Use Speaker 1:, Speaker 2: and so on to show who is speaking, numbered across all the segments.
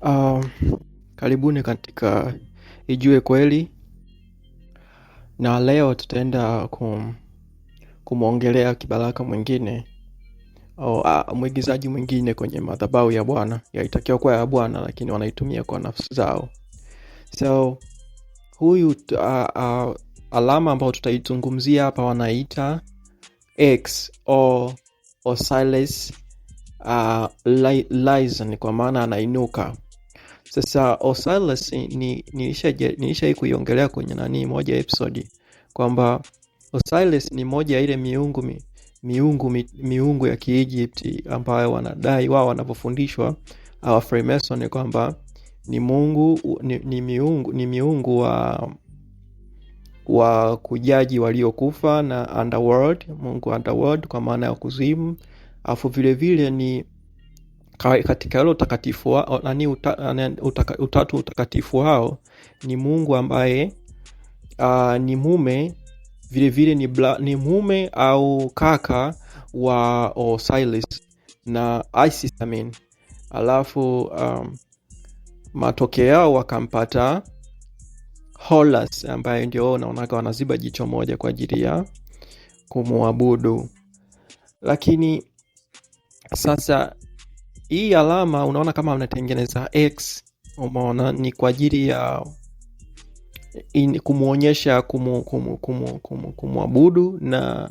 Speaker 1: Uh, karibuni katika Ijue Kweli, na leo tutaenda kum, kumwongelea kibaraka mwingine au uh, oh, ah, mwigizaji mwingine kwenye madhabahu ya Bwana, yaitakiwa kuwa ya Bwana, lakini wanaitumia kwa nafsi zao. So huyu uh, uh, alama ambayo tutaizungumzia hapa wanaita X o Osiris uh, Lyson, kwa maana anainuka sasa Osalus ni nilishai kuiongelea kwenye nani moja ya episode kwamba Osiris ni moja ya ile miungu mi, miungu mi, miungu ya kiegypt ambayo wanadai wao wanapofundishwa awa Freemason kwamba ni mungu ni, ni miungu ni miungu wa wa kujaji waliokufa na underworld, mungu underworld kwa maana ya kuzimu, afu vile vile ni katika ule utakatifu wao nani uta, utaka, utatu utakatifu wao ni Mungu ambaye uh, ni mume vilevile ni, bla, ni mume au kaka wa Osiris na Isis amen. Alafu um, matokeo yao wakampata Horus ambaye ndio unaonaga wanaziba jicho moja kwa ajili ya kumwabudu, lakini sasa hii alama unaona kama unatengeneza x, umeona ni kwa ajili ya kumwonyesha kumwabudu kumu, kumu, kumu, kumu na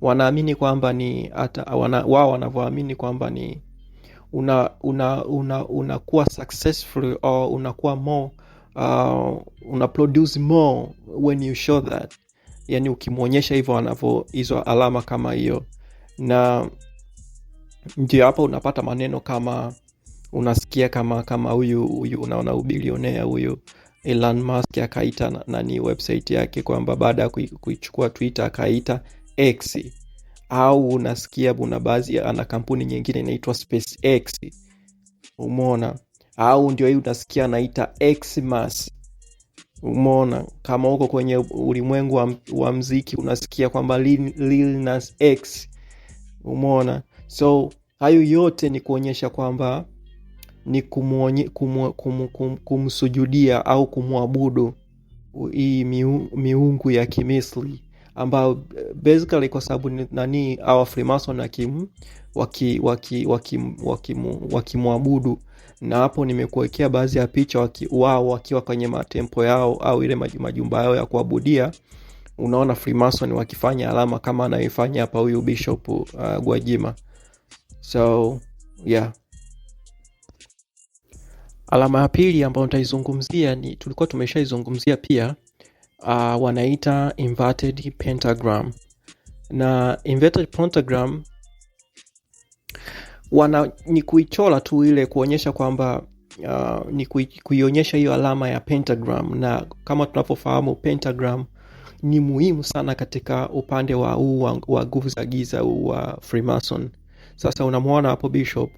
Speaker 1: wanaamini kwamba ni hata wana, wao wanavyoamini kwamba ni unakuwa una, una, una successful or unakuwa more uh, una produce more when you show that, yani ukimwonyesha hivyo wanavyo hizo alama kama hiyo na ndio hapa unapata maneno kama unasikia kama kama huyu huyu unaona ubilionea huyu Elon Musk akaita nani website yake kwamba baada ya kuichukua Twitter akaita X, au unasikia buna baadhi ana kampuni nyingine inaitwa SpaceX, umeona? Au ndio hii unasikia anaita Xmas, umeona? Kama huko kwenye ulimwengu wa, wa mziki unasikia kwamba Lil Nas X, umeona? So hayo yote ni kuonyesha kwamba ni kumuonye, kumu, kum, kum, kumsujudia au kumwabudu hii miungu ya kimisli ambayo basically kwa sababu nani awa Freemason wakimwabudu na hapo nimekuwekea baadhi ya picha waki, wao wakiwa kwenye matempo yao au ile majumba yao ya kuabudia. Unaona Freemason wakifanya alama kama anayoifanya hapa huyu Bishop uh, Gwajima. So yeah, alama ya pili ambayo nitaizungumzia ni tulikuwa tumeshaizungumzia pia uh, wanaita inverted pentagram, na inverted pentagram wana ni kuichola tu ile kuonyesha kwamba uh, ni kuionyesha hiyo alama ya pentagram, na kama tunavyofahamu pentagram ni muhimu sana katika upande wa huu wa nguvu za giza huu wa Freemason sasa unamwona hapo Bishop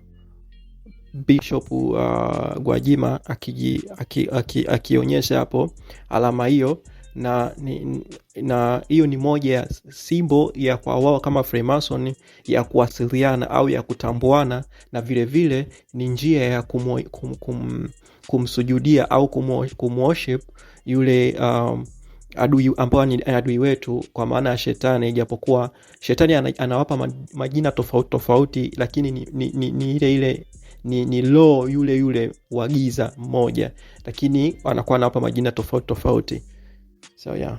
Speaker 1: Bishop uh, Gwajima akionyesha aki, aki, aki hapo alama hiyo, na hiyo na, ni moja ya simbo ya kwa wao kama Freemason ya kuwasiliana au ya kutambuana, na vilevile ni njia ya kumo, kum, kum, kumsujudia au kumworship yule um, adui ambao ni adui wetu kwa maana ya shetani, ijapokuwa shetani anawapa majina tofauti tofauti, lakini ni, ni, ni, ni ile ile ni, ni lo yule yule wa giza mmoja, lakini anakuwa anawapa majina tofauti tofauti. So, yeah.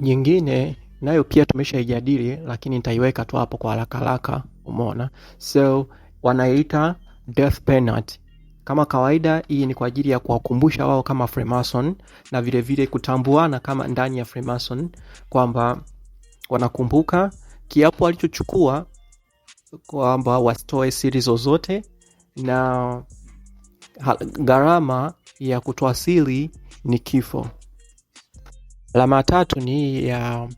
Speaker 1: Nyingine nayo pia tumeshaijadili, lakini nitaiweka tu hapo kwa haraka haraka, umeona. So wanaiita death penalty kama kawaida, hii ni kwa ajili ya kuwakumbusha wao kama Freemason na vile vile kutambuana kama ndani ya Freemason kwamba wanakumbuka kiapo walichochukua kwamba wasitoe siri zozote na gharama ya kutoa siri ni kifo. Alama ya tatu ni ya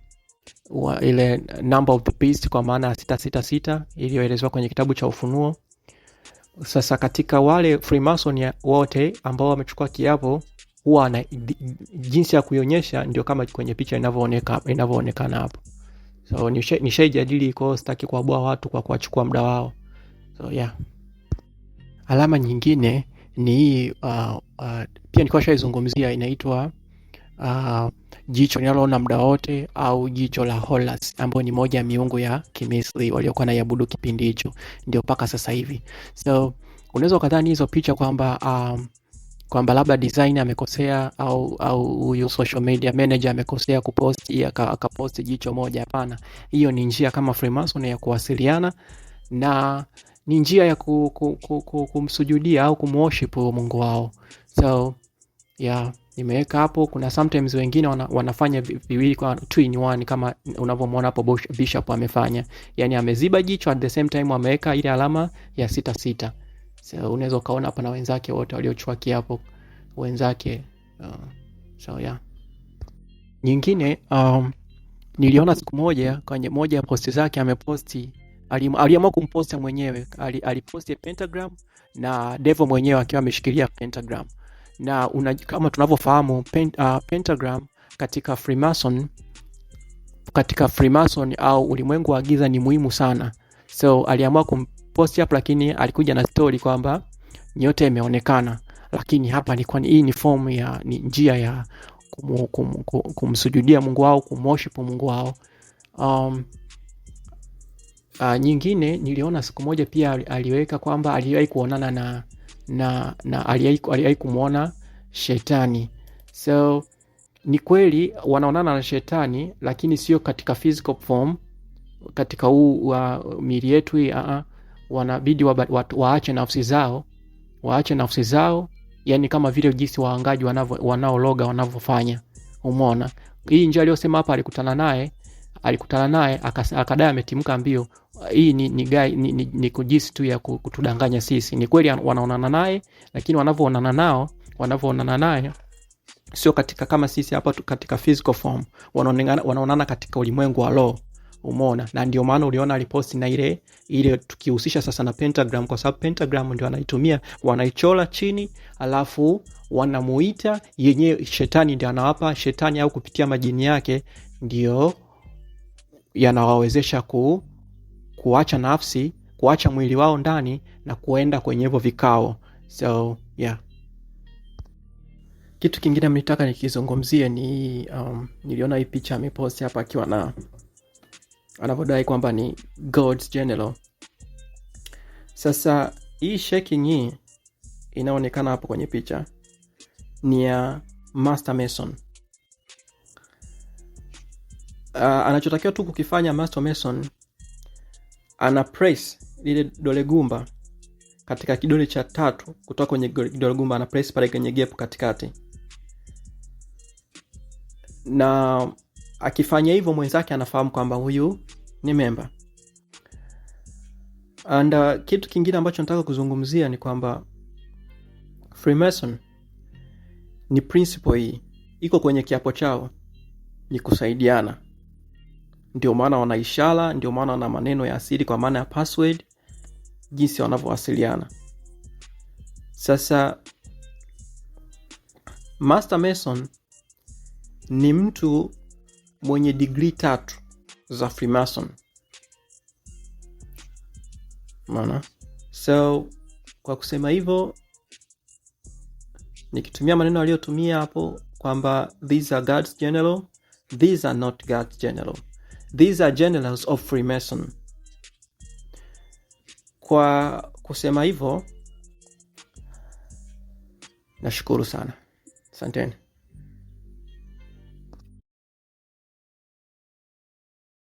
Speaker 1: ile number of the beast, kwa maana ya sita iliyoelezewa kwenye kitabu cha Ufunuo. Sasa katika wale Freemason wote ambao wamechukua kiapo huwa na jinsi ya kuionyesha ndio kama kwenye picha inavyoonekana hapo. So nishaijadili koo sitaki kuwaboa watu kwa kuwachukua muda wao. So yeah. Alama nyingine ni hii uh, uh, pia nikuwa shaizungumzia inaitwa uh, jicho linaloona muda wote au jicho la Horus ambayo ni moja ya miungu ya Kimisri waliokuwa naiabudu kipindi hicho ndio mpaka sasa hivi. So unaweza ukadhani hizo picha kwamba um, kwamba labda designer amekosea au au huyu social media manager amekosea kupost akapost aka jicho moja. Hapana, hiyo ni njia kama Freemason ya kuwasiliana na ni njia ya ku, ku, ku, ku, kumsujudia au kumworship Mungu wao so yeah nimeweka hapo. Kuna sometimes wengine wana, wanafanya viwili kwa twin one kama unavyomwona hapo bishop amefanya, yani ameziba jicho at the same time ameweka ile alama ya sita sita. So unaweza ukaona hapa na wenzake wote waliochwaki hapo wenzake uh, so yeah. Nyingine um, niliona siku moja kwenye moja ya posti zake ameposti, aliamua kumposta mwenyewe, aliposti pentagram na Devo mwenyewe akiwa ameshikilia pentagram na una, kama tunavyofahamu pen, uh, pentagram katika Freemason, katika Freemason au ulimwengu wa giza ni muhimu sana, so aliamua kumpost hapo, lakini alikuja na story kwamba nyote imeonekana, lakini hapa ni kwani hii ni form ya ni njia ya kum, kum, kum, kumsujudia Mungu wao kumwoshipu Mungu wao um, uh, nyingine niliona siku moja pia aliweka kwamba aliwahi kuonana na na, na aliwahi kumwona shetani. So ni kweli wanaonana na shetani, lakini sio katika physical form, katika huu wa miili yetu hii. Ah, ah, wanabidi wa, wa, waache nafsi zao, waache nafsi zao, yani kama vile jinsi waangaji wanaologa wanavyofanya. Umeona hii njia aliyosema hapa, alikutana naye alikutana naye akadai ametimka mbio, hii ni, ni, ni, ni, ni ni kujisi tu ya kutudanganya sisi. Ni kweli wanaonana naye, lakini wanavyoonana nao wanavyoonana naye sio katika kama sisi hapa katika physical form, wanaonana katika ulimwengu wa roho. Umeona, na ndio maana uliona aliposti na ile ile, tukihusisha sasa na pentagram, kwa sababu pentagram ndio anaitumia, wanaichora chini, alafu wanamuita yenyewe, shetani ndio anawapa, shetani au kupitia majini yake ndio yanawawezesha ku kuacha nafsi, kuacha mwili wao ndani na kuenda kwenye hivyo vikao. So yeah. Kitu kingine mlitaka nikizungumzie ni um, niliona hii picha amepost hapa akiwa na anavyodai kwamba ni God's General. Sasa hii shaking hii inaonekana hapo kwenye picha ni ya Master Mason. Uh, anachotakiwa tu kukifanya Master Mason ana press lile dole gumba katika kidole cha tatu kutoka kwenye kidole gumba, ana press pale kwenye gap katikati, na akifanya hivyo mwenzake anafahamu kwamba huyu ni memba. And uh, kitu kingine ambacho nataka kuzungumzia ni kwamba Freemason ni principle hii iko kwenye kiapo chao, ni kusaidiana ndio maana wana ishara, ndio maana wana maneno ya asili kwa maana ya password, jinsi wanavyowasiliana. Sasa Master Mason ni mtu mwenye digrii tatu za Freemason. Maana so kwa kusema hivyo, nikitumia maneno aliyotumia hapo kwamba these are God's general, these are not God's general These are generals of Freemason. Kwa kusema hivyo, nashukuru sana, asanteni.